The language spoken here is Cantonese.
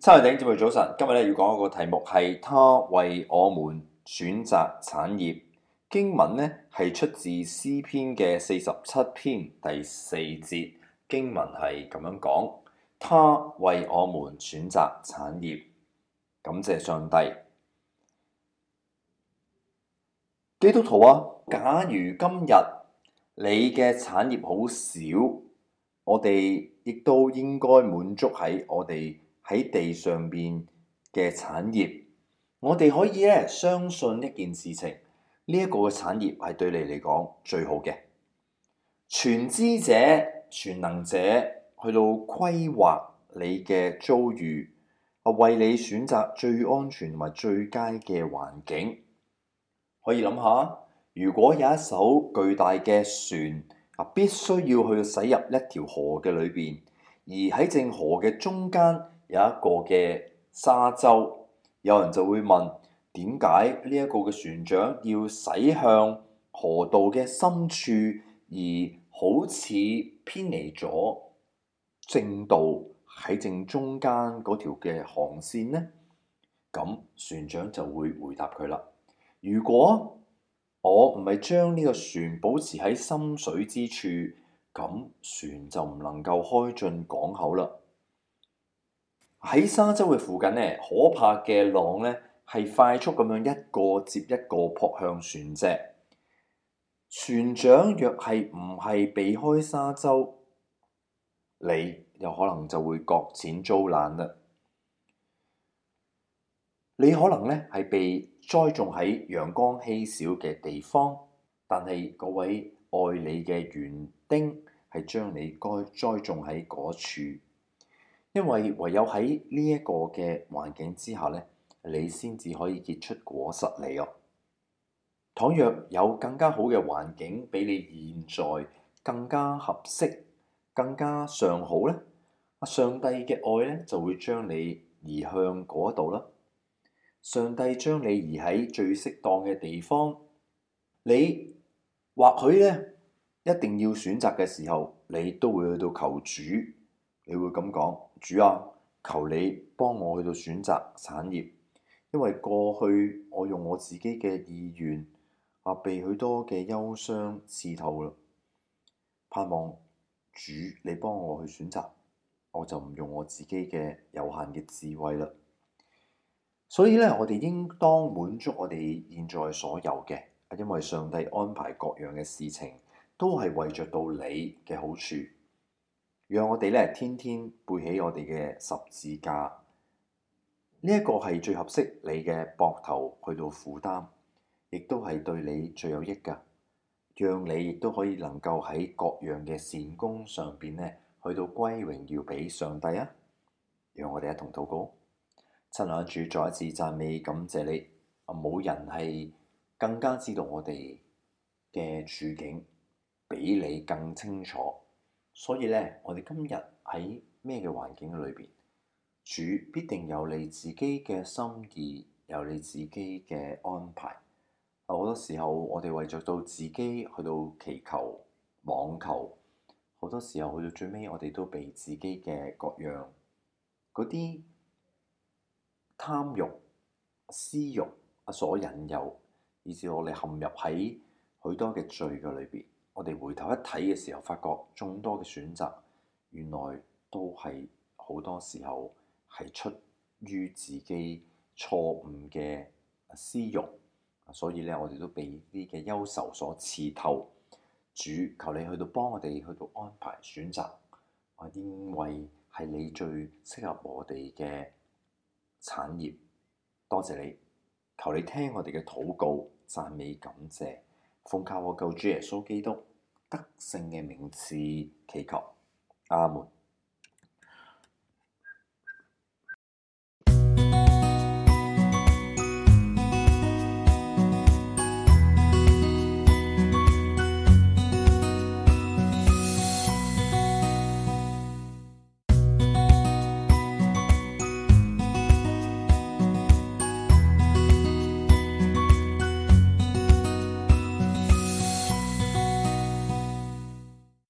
親愛的弟兄姊妹，早晨，今日呢要講一個題目係他為我們選擇產業。經文呢係出自詩篇嘅四十七篇第四節，經文係咁樣講：他為我們選擇產業，感謝上帝。基督徒啊，假如今日你嘅產業好少，我哋亦都應該滿足喺我哋。喺地上邊嘅產業，我哋可以咧相信一件事情，呢、這、一個嘅產業係對你嚟講最好嘅。全知者、全能者去到規劃你嘅遭遇啊，為你選擇最安全同埋最佳嘅環境。可以諗下，如果有一艘巨大嘅船啊，必須要去駛入一條河嘅裏邊，而喺正河嘅中間。有一個嘅沙洲，有人就會問：點解呢一個嘅船長要駛向河道嘅深處，而好似偏離咗正道喺正中間嗰條嘅航線呢？咁船長就會回答佢啦：如果我唔係將呢個船保持喺深水之處，咁船就唔能夠開進港口啦。喺沙洲嘅附近呢，可怕嘅浪呢，係快速咁樣一個接一個撲向船隻。船長若係唔係避開沙洲，你有可能就會擱淺遭難啦。你可能呢，係被栽種喺陽光稀少嘅地方，但係嗰位愛你嘅園丁係將你該栽種喺嗰處。因為唯有喺呢一個嘅環境之下咧，你先至可以結出果實嚟哦。倘若有更加好嘅環境比你現在更加合適、更加尚好咧，上帝嘅愛咧就會將你移向嗰度啦。上帝將你移喺最適當嘅地方，你或許咧一定要選擇嘅時候，你都會去到求主。你會咁講，主啊，求你幫我去到選擇產業，因為過去我用我自己嘅意願啊，被許多嘅憂傷刺透啦。盼望主你幫我去選擇，我就唔用我自己嘅有限嘅智慧啦。所以呢，我哋應當滿足我哋現在所有嘅，因為上帝安排各樣嘅事情都係為着到你嘅好處。讓我哋咧，天天背起我哋嘅十字架。呢、這、一個係最合適你嘅膊頭去到負擔，亦都係對你最有益噶讓你亦都可以能夠喺各樣嘅善工上邊咧，去到歸榮耀畀上帝啊！讓我哋一同禱告，親愛主再一次讚美感謝你。啊，冇人係更加知道我哋嘅處境，比你更清楚。所以咧，我哋今日喺咩嘅環境裏邊，主必定有你自己嘅心意，有你自己嘅安排。好多時候，我哋為著到自己去到祈求、妄求；好多時候去到最尾，我哋都被自己嘅各樣嗰啲貪欲、私欲所引誘，以致我哋陷入喺許多嘅罪嘅裏邊。我哋回頭一睇嘅時候，發覺眾多嘅選擇原來都係好多時候係出於自己錯誤嘅私慾，所以咧，我哋都被啲嘅憂愁所刺透。主求你去到幫我哋去到安排選擇，我認為係你最適合我哋嘅產業。多謝你，求你聽我哋嘅禱告，讚美感謝。奉靠我救主耶穌基督得勝嘅名字祈求，阿門。